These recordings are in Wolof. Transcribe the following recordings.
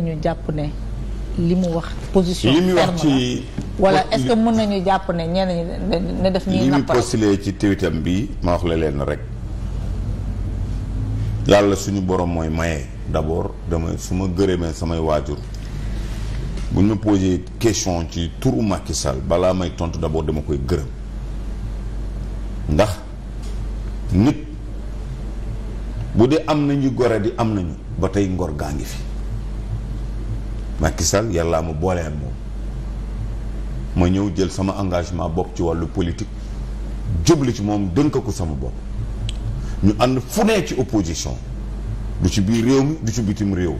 nañu jàpp ne li mu wax position li mu wax ci wala est-ce que mën nañu jàpp ne ñenn ñi ne def ñuy napp li mu postulé ci tweetam bi ma wax la leen rek yàlla suñu borom mooy maye d'abord dama su ma gërëmee samay waajur bu ñu posé question ci turu Macky balaa may tontu d'abord dama koy gërëm ndax nit bu dee am nañu gore di am nañu ba tey ngor gaa ngi fi Macky Sall yàllaa ma boole ak moom ma ñëw jël sama engagement bopp ci wàllu politique jublu ci moom dënk ko sama bopp ñu ànd fu ne ci opposition du ci biir réew mi du ci bitim réew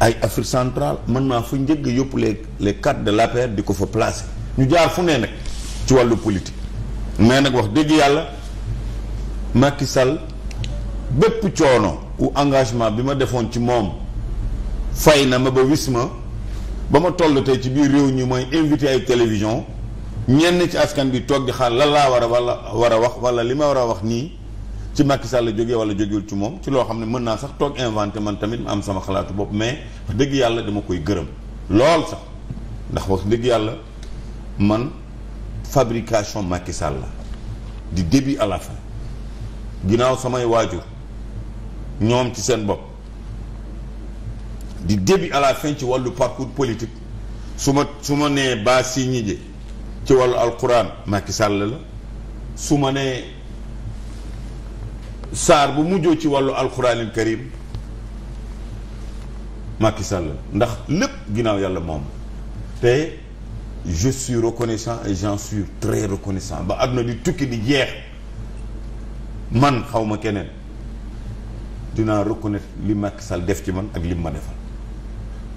ay Afrique centrale mën naa fa njëgg yóbbu les le cadres de l'APR di ko fa placer ñu jaar fu ne nag ci wàllu politique mais nag wax dégg yàlla Macky bépp coono ou engagement bi ma defoon ci moom fay na ma ba wis ma ba ma toll tey ci biir réew ñi mooy invité ay télévision ñenn ci askan bi toog di xaar lan laa war a wala war a wax wala li ma war a wax nii ci Macky Sall la jógee wala jógewul ci moom ci loo xam ne mën naa sax toog inventé man tamit ma am sama xalaatu bopp mais wax dëgg yàlla dama koy gërëm lool sax ndax wax dëgg yàlla man fabrication Macky Sall la du début à la fin ginnaaw samay waajur ñoom ci seen bopp du début à la fin ci wàllu parcours politique su ma su ma nee baas si ñije ci wàllu alquran Macky Sall la su ma nee saar bu mujjoo ci wàllu alquranil karim Macky Sall la ndax lépp ginnaaw yàlla moom te je suis reconnaissant et j'en suis très reconnaissant ba àdduna di tukki di jeex man xaw ma keneen dinaa reconnaître li Macky Sall def ci man ak lim ma defal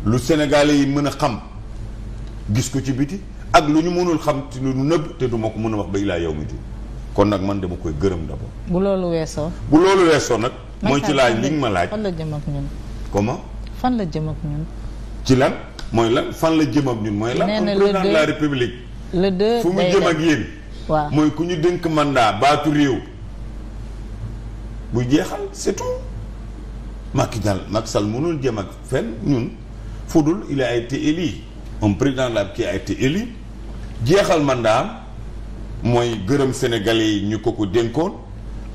lu Sénégalais yi mën a xam gis ko ci biti ak lu ñu mënul xam ti lu nëbb te du ma ko mën a wax ba ilaa yow mi kon nag man dama koy gërëm d'abord. bu loolu weesoo. bu loolu weesoo nag. mooy ci laaj li nga ma laaj. fan la jëm ak ñun. comment. fan la jëm ak ñun. lan mooy lan fan la jëm ak ñun mooy lan. nee président la le deux fu mu jëm ak yéen. mooy ku ñu dénk mandat baatu réew. bu jeexal c'est tout. Macky Sall Macky mënul jëm ak fenn ñun. Fodul il a été élu un président de la qui a jeexal man jeexal mandaam mooy gërëm sénégalais yi ñu ko ko dénkoon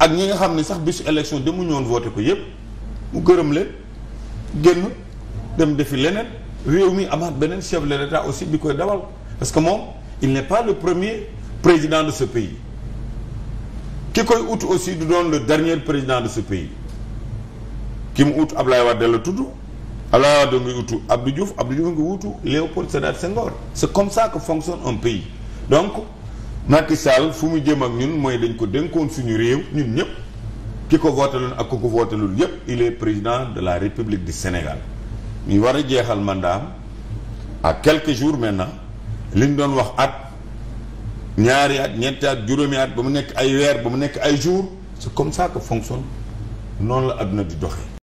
ak ñi nga xam ne sax bisu élection demu ñoon voté ko yépp mu gërëm leen génn dem defi leneen réew mi amaat beneen chef de l'État aussi bi koy dawal parce que moom il n'est pas le premier président de ce pays ki koy ut aussi du doon le dernier président de ce pays ki mu ut Ablaye Wade la tudd Abdoulaye nga wutu Abdou Diouf Abdou Diouf nga wutu Léopold Sédar Senghor c'est comme ça que fonctionne un pays donc Macky Sall fu mu jëm ak ñun mooy dañ ko dénkoon suñu réew ñun ñëpp ki ko vootaloon ak ku ko vootalul yëpp il est président de la République du Sénégal ñu war a jeexal mandat à quelques jours maintenant li ñu doon wax at ñaari at ñetti at juróomi at ba mu nekk ay weer ba mu nekk ay jours c'est comme ça que fonctionne noonu la àdduna di doxee